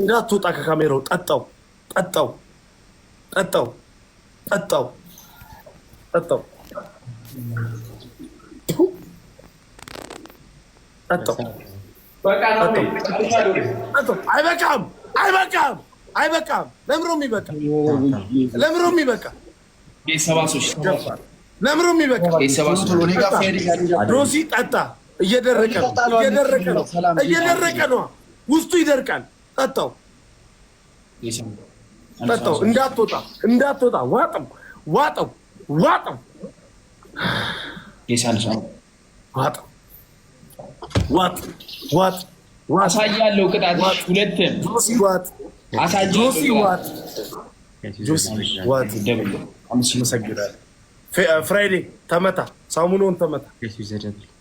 እንዳትወጣ ከካሜራው። ጠጣው ጠጣው ጠጣው ጠጣው ጠጣው አይበቃም አይበቃም አይበቃም። ለምሮ የሚበቃ ለምሮ የሚበቃ ለምሮ የሚበቃ ሮዚ ጠጣ። እየደረቀ ነው እየደረቀ ነው እየደረቀ ነው ውስጡ ይደርቃል። ጠጣው ጠጣው፣ እንዳትወጣ እንዳትወጣ፣ ዋጠው ዋጠው ዋጠው ዋጠው ዋጥ ዋጥ አሳያለሁ። ቅጣት ሁለትም ዋጥ ዋጥ ፍራይዴ ተመታ፣ ሳሙናውን ተመታ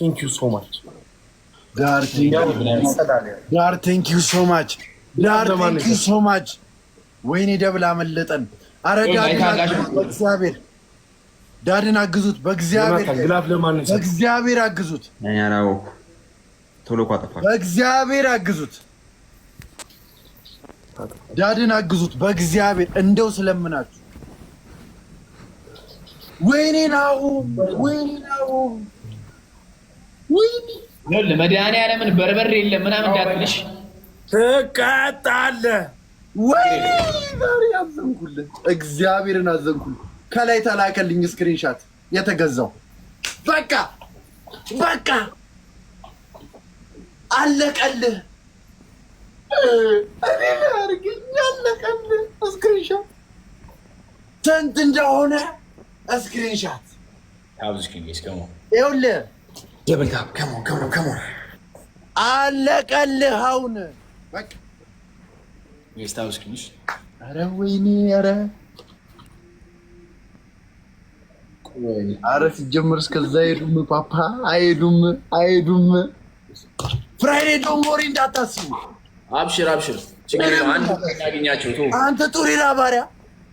ቴንክ ዩ ሶ ማች ዳር ቴንክ ዩ ሶ ማች ዳር ቴንክ ዩ ሶ ማች። ወይኔ ደብል አመለጠን። አረ ዳድን በእግዚአብሔር ዳድን አግዙት፣ በእግዚአብሔር አግዙት፣ በእግዚአብሔር አግዙት፣ ዳድን አግዙት፣ በእግዚአብሔር እንደው ስለምናችሁ። ወይኔ ናሁ ወይኔ ናሁ መድኃኒዓለምን በርበሬ የለም ምናምን እንዳትልሽ ትቀጣለህ። ወይ ዛሬ አዘንኩልህ፣ እግዚአብሔርን አዘንኩልህ። ከላይ ተላከልኝ ስክሪንሻት የተገዛው በቃ በቃ አለቀልህ። እኔ አለቀልህ። ስንት እንደሆነ ስክሪንሻት ይኸውልህ የበልካም ከሞን ከሞን ከሞን አለቀልህ። አሁን ስታውስሽ ኧረ ወይኔ አረ ኧረ ሲጀምር እስከዛ አይሄዱም። ፓፓ አይሄዱም፣ አይሄዱም። ፍራይዴ ዶንት ወሪ እንዳታስቡ። አብሽር አብሽር፣ ችግር አንድ ያገኛቸው አንተ ጡሪራ ባሪያ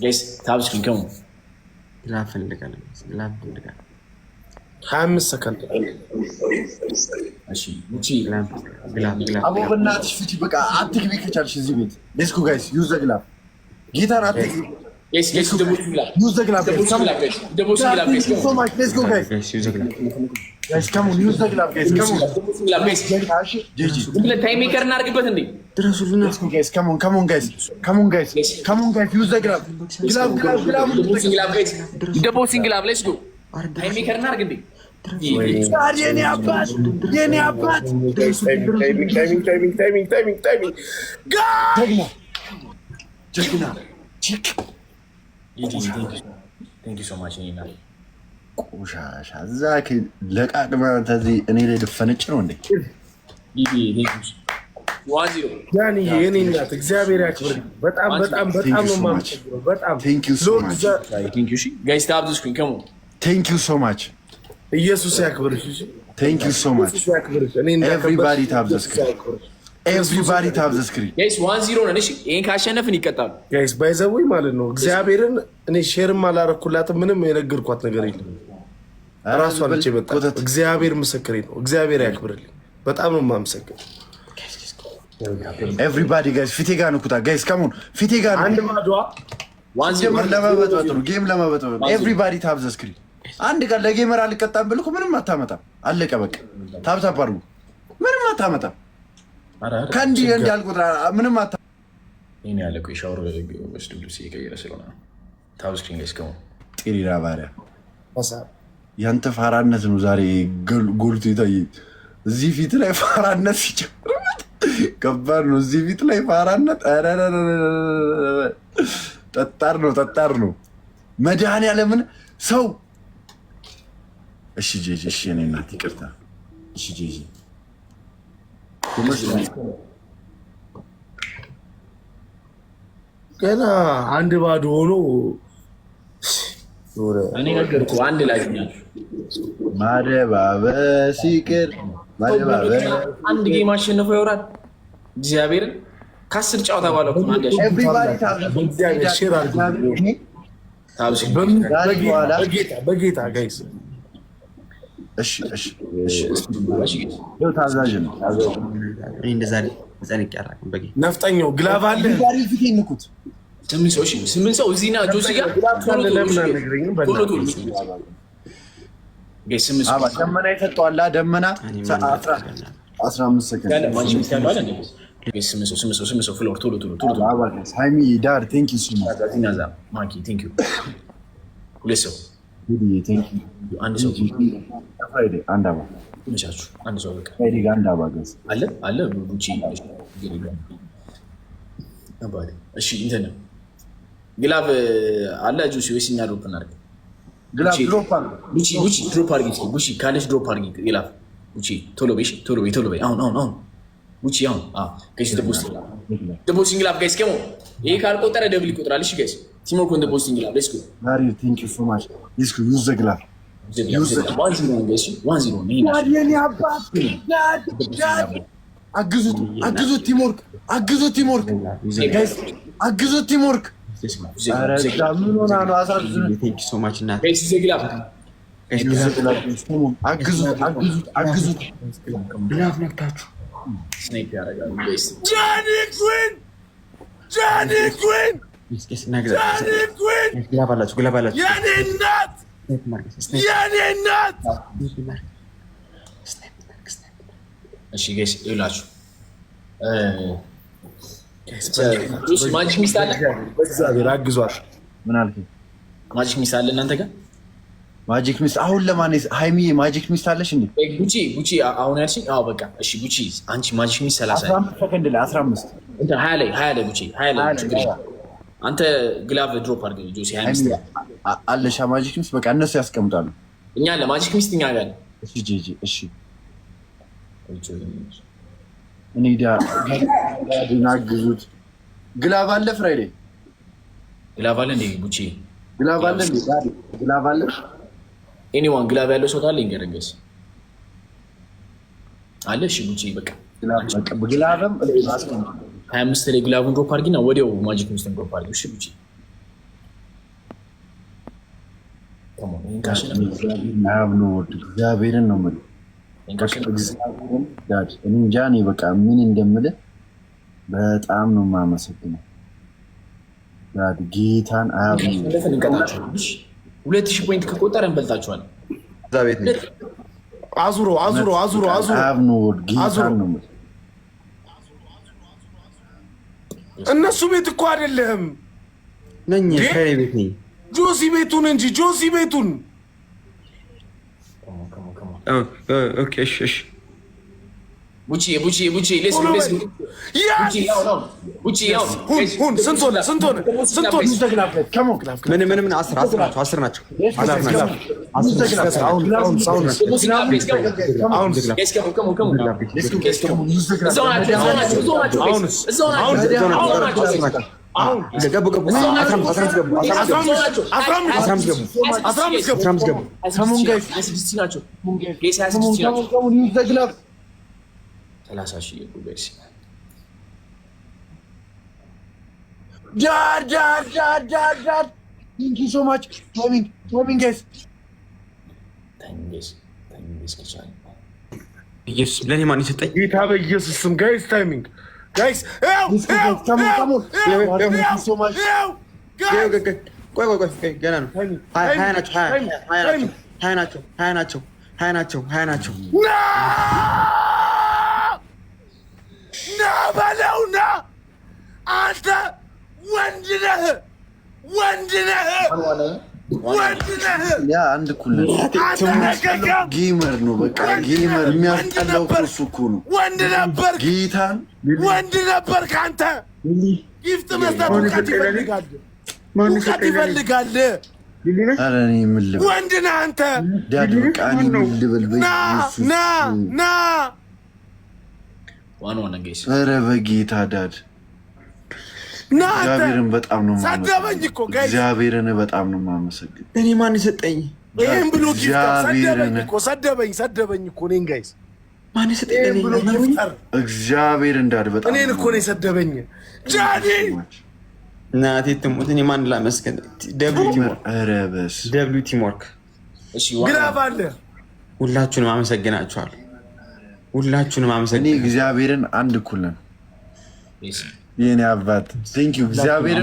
ليش تابس في الكم لا في القلم لا في القلم خمس سكند ماشي ماشي لا لا لا ابو بناتش فيتي بقى عطيك بيك تشارش زي بيت ديسكو جايز يوز ذا جلاب جيتار عطيك Yes, yes, use the Mozilla. Use the glove. The Mozilla guys. The Mozilla guys. Thank you so much. Let's go, guys. Guys, use the glove. Guys, come on, use the glove, guys. Come on. Mozilla guys. ጂጂ ብለ ታይም ሜከር እናርግበት እንዴ ድረሱልን። Let's go, guys. Come on, come on, guys. Come on, guys. Come on, guys. Use the glove. Glove, glove, glove. The Mozilla guys. The Mozilla glove. Let's go. ታይም ሜከር እናርግ እንዴ የኔ አባት የኔ አባት ታይሚንግ ታይሚንግ ታይሚንግ ታይሚንግ ታይሚንግ ታይሚንግ ጋር ጀግና ጀግና ቆሻሻ እዛ ተዚህ እኔ ላይ ልፈነጭ ነው እንዴ? ያን የኔ እናት እግዚአብሔር በጣም በጣም በጣም ነው የማመሰግነው። በጣም ቴንክ ዩ ሶ ማች ኢየሱስ ያክብርሽ። ቴንክ ዩ ሶ ማች ኤቭሪባዲ ታብዘስክ ኤቭሪባዲ ታብ ዘ ስክሪን ዋን ዚሮ ነን። እሺ ይህን ካሸነፍን ይቀጣሉ። ጋይስ ባይዘወይ ማለት ነው እግዚአብሔርን እኔ ሼርም አላረኩላትም ምንም የነገርኳት ነገር የለም። ራሷ ነች የመጣ እግዚአብሔር ምስክሬ ነው። እግዚአብሔር ያክብርልኝ። በጣም ነው የማመሰግን። ኤቭሪባዲ ጋይስ ፊቴ ጋር ንኩታ ጋይስ ከመሆን ፊቴ ጋር አንድ ማድዋ ለመበጥበጥ ነው ጌም ለመበጥበጥ ኤቭሪባዲ ታብ ስክሪን አንድ ቀን ለጌመር አልቀጣም ብልኩ ምንም አታመጣም። አለቀ በቃ ታብታብ አድርጉ ምንም አታመጣም። ከእንዲህ እንዲህ አልኩት። ምንም አታ ይህን ያለኩ የሻወር ወስድ ልብስ እየቀየረ ስለሆነ ታብ ስክሪን ላይ እስከሙ ጤሌላ ባሪያ ያንተ ፋራነት ነው ዛሬ ጎልቶ ይታይ። እዚህ ፊት ላይ ፋራነት ሲጨምርበት ከባድ ነው። እዚህ ፊት ላይ ፋራነት ጠጣር ነው፣ ጠጣር ነው። ያለምን ሰው እሺ፣ ጄ እሺ፣ እኔ እናት ይቅርታ፣ እሺ ጄ ገና አንድ ባዶ ሆኖ እኔ ነገርኩህ። አንድ ላይ ማደባበስ ይቅር አንድ ጌም አሸንፎ ይወራል። እግዚአብሔርን ከአስር ጨዋታ በኋላ በጌታ ጋይስ ታዛዥ ነው። ነፍጠኛው ግላብ አለ። ስምንት ሰው እዚህ ና ጆስያ ደመና ይፈጠዋል። ደመና አስራ አምስት ሰከንድ አንድ አባ መቻችሁ አንድ ሰው በቃ አንድ አባ ገዝ አለ አለ ቡቺ እሺ እንትን ግላቭ አለ ጁሲ ወይስ እኛ ድሮፕ እናድርግ? ድሮፕ አድርጊ ጉቺ ካለች ድሮፕ አድርጊ ግላቭ ጉቺ ቶሎ በይ ቶሎ በይ ቶሎ በይ አሁን አሁን አሁን ጉቺ አሁን ጋይስ ደቦስት ደቦስቲንግ ላፍ ጋይስ ከሞ ይሄ ካልቆጠረ ደብል ይቆጥራል። እሺ ጋይስ ቲሞኮን ደቦስቲንግ ላፍ ሌትስ ጎ አግዙት አግዙት ቲምወርክ አግዙት ቲምወርክ አግዙ ቲምወርክ አግዙት ብላፍ ነካችሁ ግላብ አላችሁ ግላብ አላችሁ የኔ እናት የኔ እናት እሺ ጋይስ ይላችሁ ማጂክ ሚስት አለ። እግዚአብሔር አግዟል። ምን አልክ? ማጂክ ሚስት አለ እናንተ ጋር ማጂክ ሚስት አሁን ለማን ሀይሚ ማጂክ ሚስት አለሽ እንዴ? ጉቺ ጉቺ አሁን ያልሽኝ? አዎ በቃ እሺ ጉቺ አንቺ ማጂክ ሚስት ሰላሳ ሰከንድ ላይ አስራ አምስት ሀያ ላይ ሀያ ላይ ጉቺ ሀያ ላይ አንተ ግላቭ ድሮፕ አድርገህ ጆሲ አለሻ ማጂክ ሚስት በቃ እነሱ ያስቀምጣሉ። እኛ አለ ማጂክ ሚስት እኛ ጋር እሺ። እኔ ናግዙት ግላቭ አለ ፍራይዴ ግላቭ አለ እንዴ ቡቼ ግላቭ አለ እንዴ ግላቭ አለ ኤኒዋን ግላቭ ያለው ሰው ታለ ይንገረገስ አለ እሺ ቡቼ በቃ ግላቭም ሀያ አምስት ላይ ግላቡን ድሮፕ አድርጊና ወዲያው ማጂክ ሚስትን ድሮፕ አድርጊ። እሺ ብቻ እግዚአብሔርን ነው የምልህ። እኔ እንጃ እኔ በቃ ምን እንደምልህ በጣም ነው የማመሰግነው። ጌታን ሁለት ሺህ ፖይንት ከቆጠረ እንበልጣቸዋል። አዙሮ አዙሮ አዙሮ አዙሮ አዙሮ ነው እነሱ ቤት እኮ አይደለህም። ነኝ ሻይ ቤት ነኝ። ጆሲ ቤቱን እንጂ ጆሲ ቤቱን። ኦኬ እሺ እሺ Bucci, Bucci, Bucci, listen, listen. Yes! Bucci, yo, no. Bucci, yo. هون هون سنتون سنتون سنتون مستقلب كمون كلاب من من من عصر عصر عصر ناتشو عصر ناتشو عصر عصر عون عون عون عون يس كمون كمون كمون يس كمون زون زون زون زون زون ገቡ ገቡ ገቡ ገቡ ገቡ ሰላሳ ሺህ ጉዞ ይስላል። ዳዳዳዳዳድ ንኪ ሶማች ቶሚንጌስ ታይሚንጌስ ታይሚንጌስ ከቻል ኢየሱስ ለእኔ ማን የሰጠኝ ጌታ በኢየሱስ ስም ጋይስ ታይሚንግ ጋይስ ሀያ ናቸው ሀያ ናቸው ሀያ ናቸው ሀያ ናቸው ሀያ ናቸው አንተ ወንድ ነህ፣ ወንድ ነህ፣ ወንድ ነህ። ያ አንድ ጌመር ነው። በቃ ጌመር የሚያስጠላው እሱ እኮ ነው። ወንድ ነበር፣ ጌታን ወንድ ነበር። ከአንተ ጊፍት መስጠት እውቀት ይፈልጋል፣ እውቀት ይፈልጋል። ወንድ ነህ አንተ። ና ና ና ኧረ በጌታ ዳድ እግዚአብሔርን በጣም ነው ሰደበኝ እኮ እግዚአብሔርን በጣም ነው የማመሰግን። እኔ ማን የሰጠኝ ይህን ብሎ ሰደበኝ እኮ ሰደበኝ ሰደበኝ እኮ እኔን ጋይስ ማን የሰጠኝ እግዚአብሔር እንዳድ በጣም እኔን እኮ ነው የሰደበኝ ጃኒ እናቴ ትሙት። እኔ ማን ላመስገን? ደብሊው ቲምወርክ ግራፍ አለ። ሁላችሁንም አመሰግናችኋል። ሁላችሁንም አመሰግን። እግዚአብሔርን አንድ እኩል ነን። የኔ አባት ቴንኪው እግዚአብሔር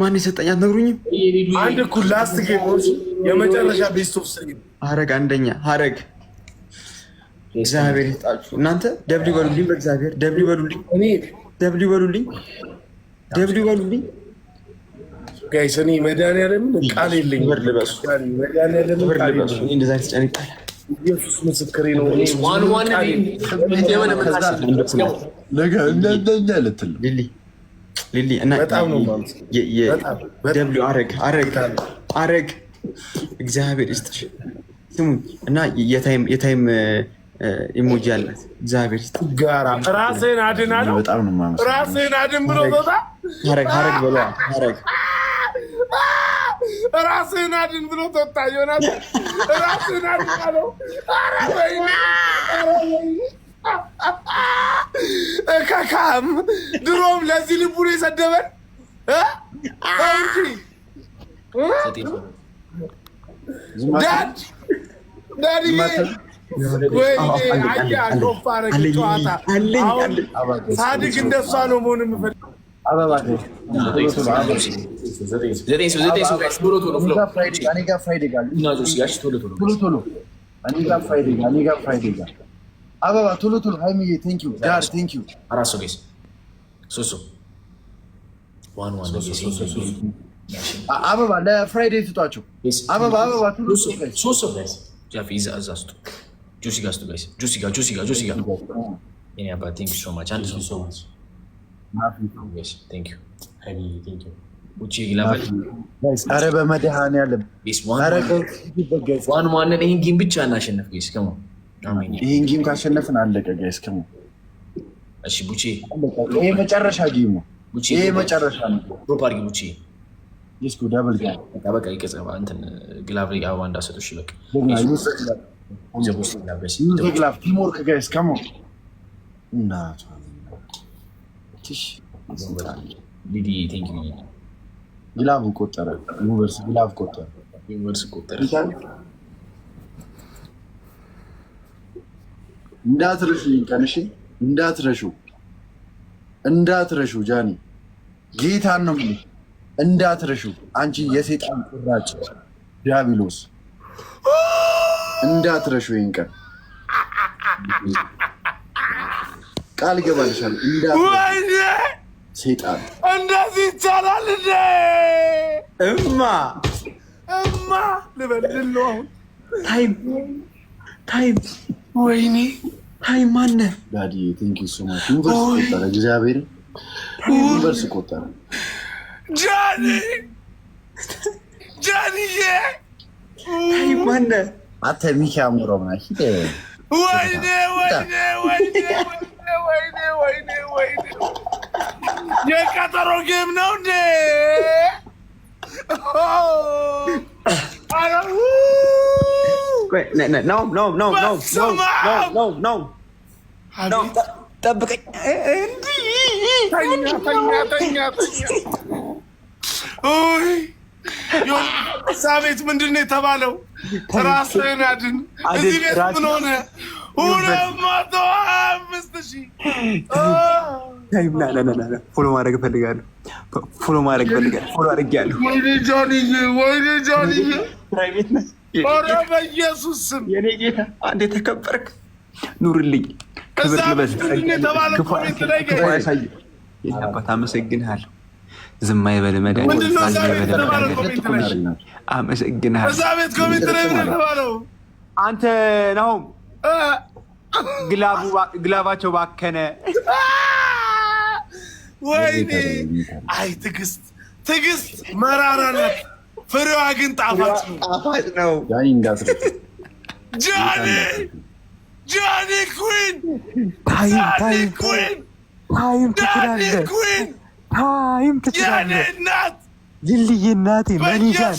ማን የሰጠኝ አትነግሩኝም? አንድ እኩል ላስት የመጨረሻ ቤስት ኦፍ ስሪ ሀረግ አንደኛ ሀረግ እግዚአብሔር ይስጣችሁ እናንተ ደብሊ በሉልኝ፣ በእግዚአብሔር ደብሊ በሉልኝ፣ ደብሊ በሉልኝ፣ ደብሊ በሉልኝ ጋይስ እኔ መድኃኒዓለምን ቃል የለኝም። ኢየሱስ ምስክሬ ነው። አረግ እግዚአብሔር ይስጥሽ። ስሙኝ እና የታይም ኢሞጂ አላት። እግዚአብሔር ራስህን አድን አለው። ራስህን አድን ብሎ ራስህን አድን ብሎ ተወጣ። ዮናስ ራስህን አድን አለው። ኧረ ወይኔ ከካም ድሮም ለዚህ ልቡን የሰደበን ዳድ ዳድ ሳድግ እንደሷ ነው መሆን የምፈልግ አበባ ቶሎ ቶሎ ሀይሚዬ ቴንኪው ዳር ቴንኪው አራት ሰው ጌስ ሶሶ ዋን ዋን አበባ ለፍራይዴ ስጧቸው። አበባ አበባ ሶሶ ጃፊ ይዛ እዛ ስጡ። ጆሲ ጋር ስጡ ጋይስ ጆሲ ጋር ጆሲ ጋር ጆሲ ጋር የኔ ሶ ማች አንድ ሰው ሶ ማች ኧረ ዋንን ይህን ብቻ እናሸነፍ። ጋይስ ከሞ ይህን ካሸነፍን አለቀ። ከሞ እሺ ቡቼ፣ መጨረሻ መጨረሻ ነው። ሮፕ አድርጊ ቡቼ። በቃ እንትን ግላቭ አበባ እንዳሰጡሽ ጋይስ ከሞ ትሽ ሊዲ ቴንክ ነው። ግላቭ ቆጠረ። ዩኒቨርስ ግላቭ ቆጠረ። ዩኒቨርስ ቆጠረ። እንዳትረሹ ይንቀንሽ፣ እንዳትረሹ፣ እንዳትረሹ ጃኒ ጌታን ነው ምን እንዳትረሹ አንቺ የሴጣን ቁራጭ ዲያብሎስ እንዳትረሹ ይንቀን ቃል ገባልሻል። ሰይጣን እንደዚህ ይቻላል እንዴ? እማ እማ ልበልሎ አሁን ታይም ታይም፣ ወይኔ ታይም ማነ ዳዲ ቴንክ ዩ ሶ ማች። ዩኒቨርስ ቆጠረ፣ እግዚአብሔር ዩኒቨርስ ቆጠረ። ጃኒ ጃኒዬ ታይም ማነ አተ ሚኪ አምሮ ማሽ ወይኔ ወይኔ ወይኔ ወይኔ ወይኔ ወይኔ የቀጠሮ ጌም ነው እንዴ? ጠብቀኝ ቤት ምንድን ነው የተባለው? ራስህን አድን። እዚህ ቤት ምን ሆነ? ሁለት መቶ አምስት ሺህ ፎሎ ማድረግ እፈልጋለሁ። ፎሎ ማድረግ እፈልጋለሁ። ፎሎ አድርጌያለሁ። ወይኔ ጆንዬ፣ ወይኔ ጆንዬ፣ ኧረ በኢየሱስ ስም የኔ ጌታ አንዴ ተከበርክ፣ ኑርልኝ፣ ክብር ልበስ። የአባት አመሰግንሃለሁ። ዝም አይበል መድኃኒት አመሰግንሃለሁ። አንተ ናሁም ግላባቸው ባከነ። ወይኔ! አይ ትግስት ትግስት መራራ ናት፣ ፍሬዋ ግን ጣፋጭ ነው። ጃኒ ጃኒ ኩን ታይም ኩን ታይም ትችላለህ፣ ታይም ትችላለህ እናት ልልይ እናቴ መኒጋን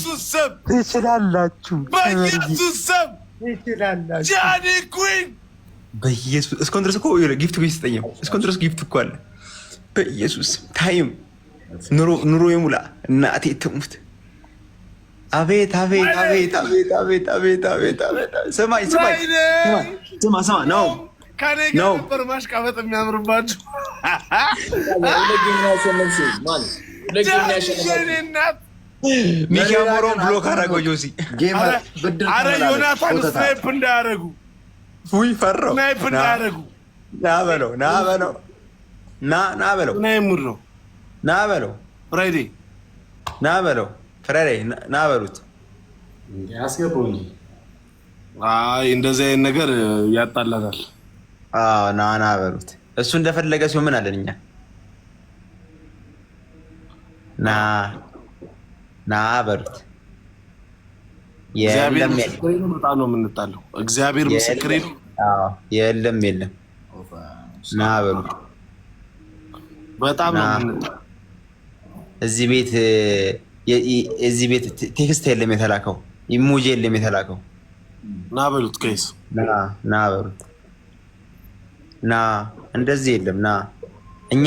ትችላላችሁ በኢየሱስ ስም ጃኒ ኩን በኢየሱስ እስኮን ድረስ እኮ ጊፍት እኮ ድረስ ጊፍት እኮ አለ። በኢየሱስ ታይም ኑሮ የሙላ እናቴ ትሙት። አቤት አቤት አቤት አቤት አቤት አቤት አቤት አቤት! ስማኝ ስማኝ ስማ ስማ ነው ከኔ ጋር ነበር ማሽቃበጥ የሚያምርባችሁ። ሁለት ጊዜ ነው ያሸነፍሽው ማለት ሁለት ጊዜ ነው ሚኪያ ሞሮን ብሎክ ጆሲ አረ ዮናታን ስናይፕ እንዳያደረጉ ውይ ፈራሁ። ስናይፕ እንዳያደረጉ ና በለው ና በለው ና ና በለው ና የሙድ ነው ና በለው ፍራይዴ ና በለው ፍራይዴ ና በሉት እንጂ አይ እንደዚህ አይነት ነገር ያጣላታል። ና ና በሉት እሱ እንደፈለገ ሲሆን ምን አለን እኛ ና ና በሉት። እግዚአብሔር ምስክሬ ነው። የለም የለም፣ ና በሉት። በጣም እዚህ ቤት እዚህ ቤት ቴክስት የለም የተላከው ኢሞጂ የለም የተላከው። ና በሉት ከይስ ና በሉት ና እንደዚህ የለም ና እኛ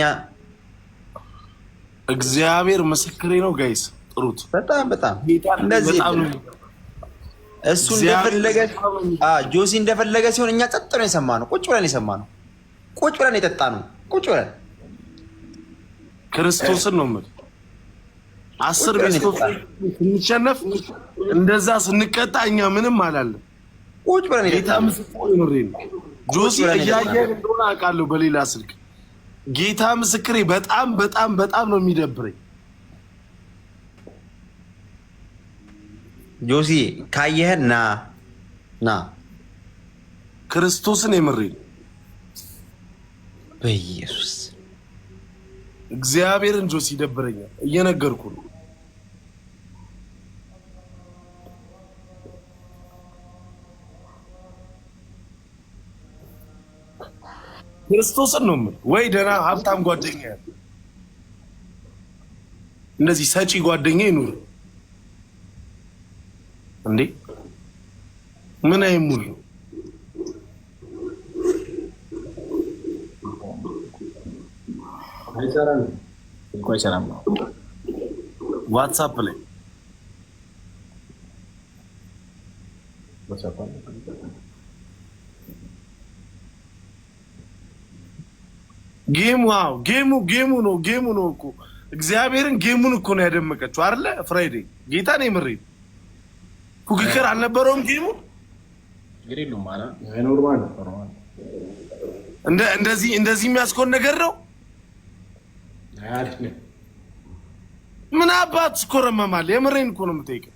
እግዚአብሔር ምስክሬ ነው ጋይስ የሚያስቆጥሩት። በጣም በጣም እንደዚህ እሱ እንደፈለገ ጆሲ እንደፈለገ ሲሆን እኛ ጸጥ ነው የሰማ ነው። ቁጭ ብለን የሰማ ነው። ቁጭ ብለን የጠጣ ነው። ቁጭ ብለን ክርስቶስን ነው የምልህ። አስር ቤስቶች ስንሸነፍ እንደዛ ስንቀጣ እኛ ምንም አላለም። ቁጭ ብለን ጌታ ምስክር ነው። ጆሲ እያየ እንደሆነ አውቃለሁ በሌላ ስልክ። ጌታ ምስክሬ በጣም በጣም በጣም ነው የሚደብረኝ። ጆሲ ካየህ ና ና ክርስቶስን የምሬ በኢየሱስ እግዚአብሔርን ጆሲ ይደብረኛል፣ እየነገርኩ ነው። ክርስቶስን ነው ምን ወይ ደህና ሀብታም ጓደኛ እንደዚህ ሰጪ ጓደኛ ይኑር። እንዴ ምን አይሙል አይሰራም። ዋትሳፕ ላይ ጌሙ አዎ ጌሙ ጌሙ ነው ጌሙ ነው እኮ እግዚአብሔርን ጌሙን እኮ ነው ያደመቀችው አይደለ? ፍራይዴ ጌታ ነው የምሬን ፉክክር አልነበረውም ጌሙ እንደዚህ እንደዚህ የሚያስኮን ነገር ነው። ምን አባት ስኮረመማል? የምሬን እኮ ነው የምጠይቀው።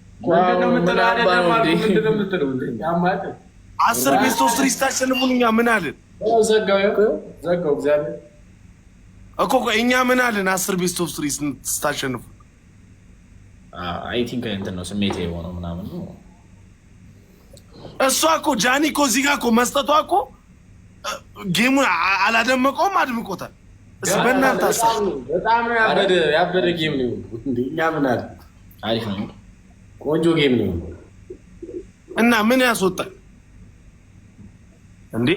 አስር ቤት ሶስት ሪስታሸንፉን እኛ ምን አልን እኮ እኛ ምን አልን? አስር ቤት ሶስት ሪስታሸንፉ አይ ቲንክ እንትን ነው ስሜት የሆነው ምናምን ነው። እሷ እኮ ጃኒ እኮ እዚህ ጋር እኮ መስጠቷ እኮ ጌሙን አላደመቀውም፣ አድምቆታል። በእናንተ ያበደ ጌም ነው። እኛ ምን አለ አሪፍ ነው፣ ቆንጆ ጌም ነው። እና ምን ያስወጣል እንዴ?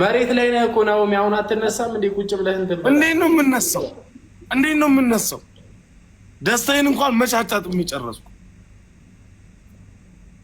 መሬት ላይ ነህ እኮ ናሆም፣ አሁን አትነሳም እንዴ? ቁጭ ብለህ እንትን እንዴት ነው የምነሳው? እንዴት ነው የምነሳው? ደስታዬን እንኳን መቻቻት የሚጨረስኩ